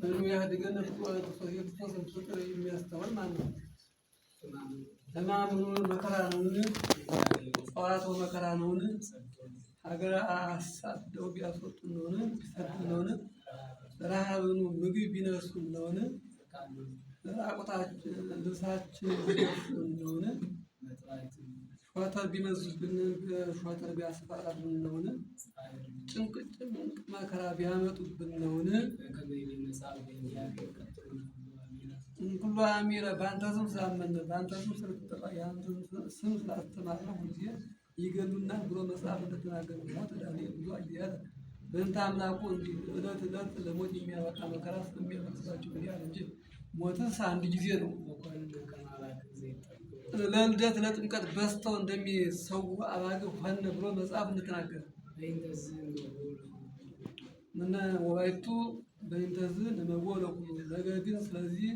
በእድሜ ያድገን ክርስቶስን ፍቅር የሚያስተምር ማለት ነው። መከራ ነውን? ጠዋቱ መከራ ነውን? ሀገር አሳደው ቢያስወጡ ነውን? ቢሰዱ ነውን? ረሃብኑ ምግብ ቢነሱ ነውን? ራቁታችን ልብሳችን ነውን? ሸዋተር ቢመዙብን ሸዋተር ቢያስፈራብን ነውን? ጭንቅጭ መከራ ቢያመጡብን ነውን? እንኩሎ አሚረ በአንተ ስም ስላመነ በአንተ ስም ስለተጠራ የአንተ ስም ስላስተማረ ጊዜ ይገሉና ብሎ መጽሐፍ እንደተናገሩ ሞት ዳንኤል ብዙ አያለ በእንተ አምላኩ እንዲህ እለት ዕለት ለሞት የሚያበቃ መከራ ስለሚያፈቅሳቸው እንዲህ አለ እንጂ ሞትስ አንድ ጊዜ ነው። ለልደት ለጥምቀት በስተው እንደሚሰው አባግብ ሆነ ብሎ መጽሐፍ እንደተናገረ ምና ወባይቱ በኢንተዝ ለመወለቁ ነገር ግን ስለዚህ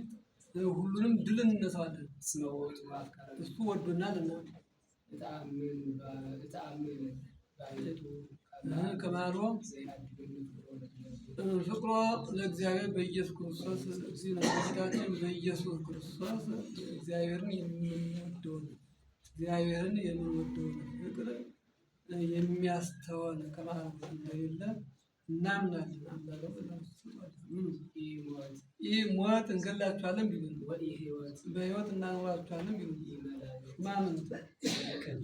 ሁሉንም ድል እንነሳዋለን። እሱ ወዶናል እና ከማሮ ሽኩሮ ለእግዚአብሔር በኢየሱስ ክርስቶስ እግዚእነ መድኃኒታችን በኢየሱስ ክርስቶስ እግዚአብሔርን እግዚአብሔርን ፍቅር ከማለት እንደሌለ እናምናለን። ይህ ሞት እንገላችኋለን ቢሉ በሕይወት እናኖራችኋለን ቢሉ ማመን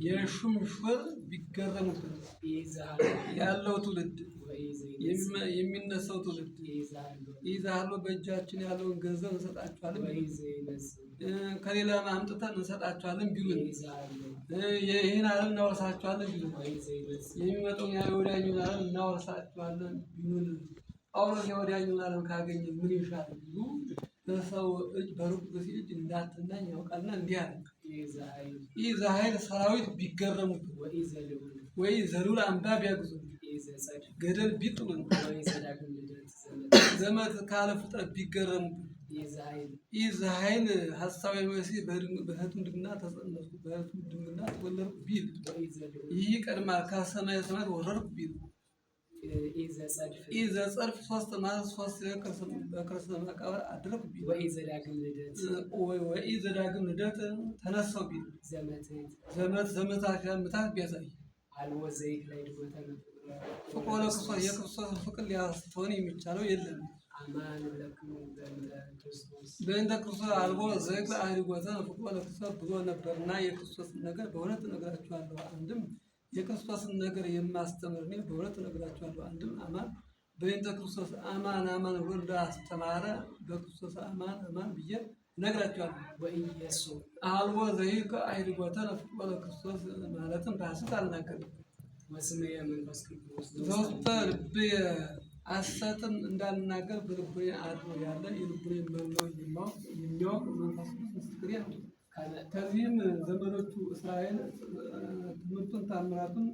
የሹም ቢገረሙበት ያለው ትውልድ የሚነሳው ትውልድ ይዛሉ በእጃችን ያለውን ገንዘብ እንሰጣችኋለን ከሌላ አምጥተን እንሰጣችኋለን ቢሉን ይህን ዓለም እናወርሳችኋለን ቢሉን የሚመጣውን ያለ ወዲያኛውን ዓለም እናወርሳችኋለን ቢሉን ጳውሎስ የወዳጁን ዓለም ካገኘ ምን ይሻል ብዙ በሰው እጅ በሩቅ እጅ እንዳትናኝ ያውቃልና እንዲህ አለ። ይህ ዘኃይል ሰራዊት ቢገረሙት ወይ ዘልዑል አምባ ቢያግዙ ገደል ቢጥሉን ዘመት ካለ ፍጥረት ቢገረሙት ይህ ዘኃይል ሀሳዊ መሲ በህቱም ድምና ተጸነስኩ በህቱም ድምና ተወለድኩ ቢል ይህ ቀድማ ከሰማየ ሰማያት ወረድኩ ቢል ኢዘ ጸድፍ ሶስት ማለት ሶስት በክርስቶስ መቃብር አድረግ ቢል ወኢ ልደት ተነሳው ቢል ዘመት ዘመታፊያ ምታት ቢያሳይ ፍቆለ ክርስቶስ የክርስቶስ ፍቅር ሊያስተሆን የሚቻለው የለም። በእንተ ክርስቶስ አልቦ ዘይግ አህሪጎተን ፍቆለ ክርስቶስ ብሎ ነበርና የክርስቶስ ነገር በእውነት እነግራችኋለሁ አንድም የክርስቶስን ነገር የማስተምር እኔ በእውነት እነግራችኋለሁ። አንድም አማን በእንተ ክርስቶስ አማን አማን ብሎ እንዳስተማረ በክርስቶስ አማን አማን ብዬ እነግራችኋለሁ። በኢየሱስ አልቦ ዘይከ አይድጎተነ ፍቁረ ክርስቶስ ማለትም በሐሰት አልናገርም። በስመ መንፈስ ቅዱስ ዘውስተ ልብየ ሐሰትን እንዳልናገር በልቡኔ አድሮ ያለ የልቡኔን መኖ የሚያውቅ መንፈስ ቅዱስ ምስክሬ ነው። ከዚህም ዘመኖቹ እስራኤል ትምህርቱን ታምራቱን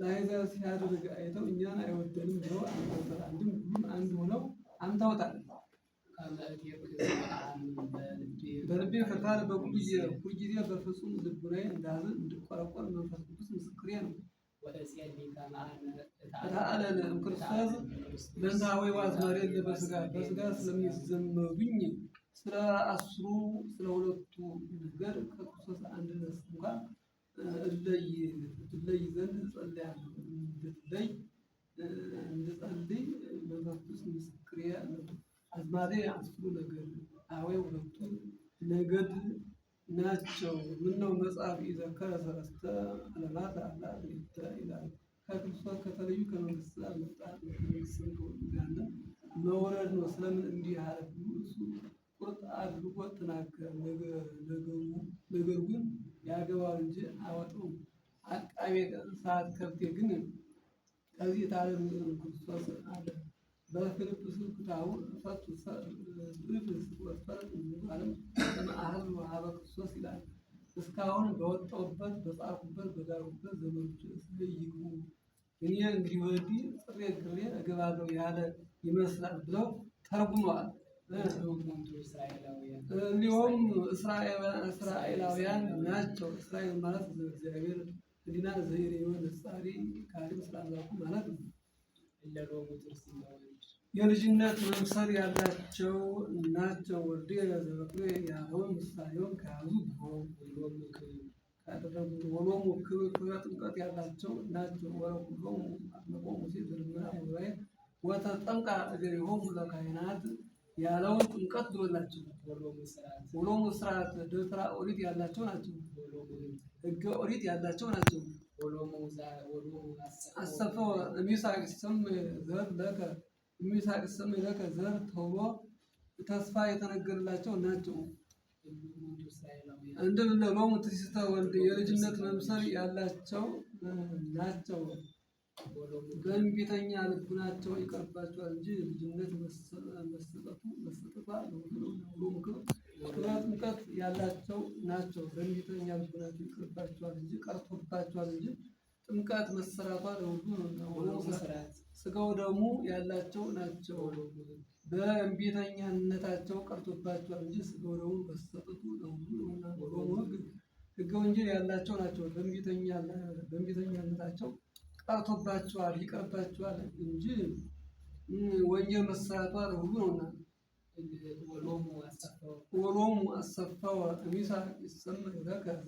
ለአሕዛብ ሲያደርግ አይተው እኛን አይወደንም ብለው አንተውታል። አንድም ሁሉም አንድ ሆነው አንተውታል። በልቤ ፈቃድ በቁልጊዜ ሁልጊዜ በፍጹም ልቡናዬ እንዳዝን እንድቆረቆር መንፈስ ቅዱስ ምስክሬ ነው። ተአለነ እምክርስቶስ ለእንተ ዋዝ መሬት በስጋ በሥጋ ስለሚዘመዱኝ ስለ አስሩ ስለ ሁለቱ ነገር ከክርስቶስ አንድነት ጋር እለይ ትለይ ዘንድ ጸልያለሁ። እንድትለይ እንድጸልይ መንፈስ ቅዱስ ምስክሬ አዝማሪ አስሩ ነገር አዌ ሁለቱ ነገድ ናቸው። ምነው መጽሐፍ ይዘከረ ሰለስተ አለማት አላ ሌተ ይላል። ከክርስቶስ ከተለዩ ከመንግስት መጣ መንግስት ጋር መውረድ ነው። ስለምን እንዲህ አለ እሱ ቁርጥ አድርጎ ተናገረ። ነገር ግን ያገባው እንጂ አያወጣውም። አቃቤ ሰዓት ከብቴ ግን ከዚህ የታለም ክርስቶስ አለ። በፊልጵስ ክታቡ ፈቱ ክርስቶስ ይላል። እስካሁን በወጣሁበት በጻፉበት በዳሩበት ዘመኖች እስለ ይግቡ እኔ እንግዲህ ወዲህ ጥሬ ግሬ እገባለሁ ያለ ይመስላል ብለው ተርጉመዋል። እንዲሁም እስራኤላውያን ናቸው። እስራኤል ማለት እግዚአብሔር እንዲና ዘይር የሆን ህፃሪ ካሪም ስላዛኩ ማለት ነው። የልጅነት መምሰል ያላቸው ናቸው። ወልድ የዘበኩ ያለውን ምሳሌውን ከያዙ ያደረጉት ወሎም ጥምቀት ያላቸው ናቸው። ወረኩሎም አጥመቆ ሙሴ ዘርምራ ወተጠምቃ እገሪሆሙ ለካህናት ያለውን ጥምቀት ብሎላቸው ኦሎሞ ስርዓት ደብተራ ኦሪት ያላቸው ናቸው። ሕገ ኦሪት ያላቸው ናቸው። አሰፈ የሚሳቅ ስም ዘር ለከ የሚሳቅ ስም ለከ ዘር ተብሎ ተስፋ የተነገርላቸው ናቸው። እንደ ለሎሙ ትስተ ወልድ የልጅነት መምሰል ያላቸው ናቸው። ገንቢተኛ ልቡናቸው ይቀርባቸዋል እንጂ ልጅነት መሰጠቱ መሰጠቷ ለሁሉ ምክር እውቀት ያላቸው ናቸው። ገንቢተኛ ልቡናቸው ይቀርባቸዋል እንጂ ቀርቶባቸዋል እንጂ ጥምቀት መሰራቷ ለሁሉ ስጋው ደግሞ ያላቸው ናቸው። በእንቢተኛነታቸው ቀርቶባቸዋል እንጂ ስጋው ደግሞ መሰጠቱ ለሁሉ ህገ ወንጀል ያላቸው ናቸው። በእንቢተኛነታቸው ቀርቶባቸዋል፣ ይቀርባቸዋል እንጂ ወንጀል መሰራቷል ሁሉ ነውና ወሎሙ አሰፋው ሚሳ ይሰማ ከዛ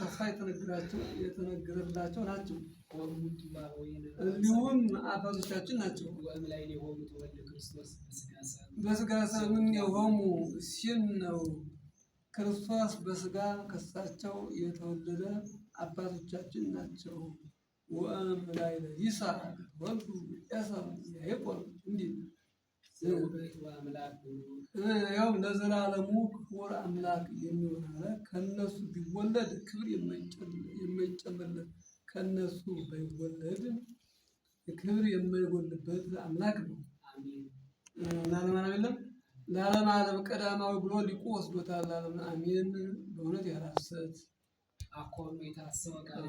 ተስፋ የተነግራቸው የተነገረላቸው ናቸው። እንዲሁም አባቶቻችን ናቸው። በስጋ ሰምን የሆሙ ሲል ነው ክርስቶስ በስጋ ከሳቸው የተወለደ አባቶቻችን ናቸው። ወአምላዕለ ይስሐቅ ወልዱ ኤሳው ያዕቆብ እንዲል ያውም ለዘላለሙ ክቡር አምላክ የሚሆነ ከነሱ ቢወለድ ክብር የማይጨመርለት ከነሱ ባይወለድ ክብር የማይጎልበት አምላክ ነው። ለዓለም ዓለም የለም ለዓለም ዓለም ቀዳማዊ ብሎ ሊቁ ወስዶታል። ለዓለም አሜን። በእውነት ያራሰት a conotação que ela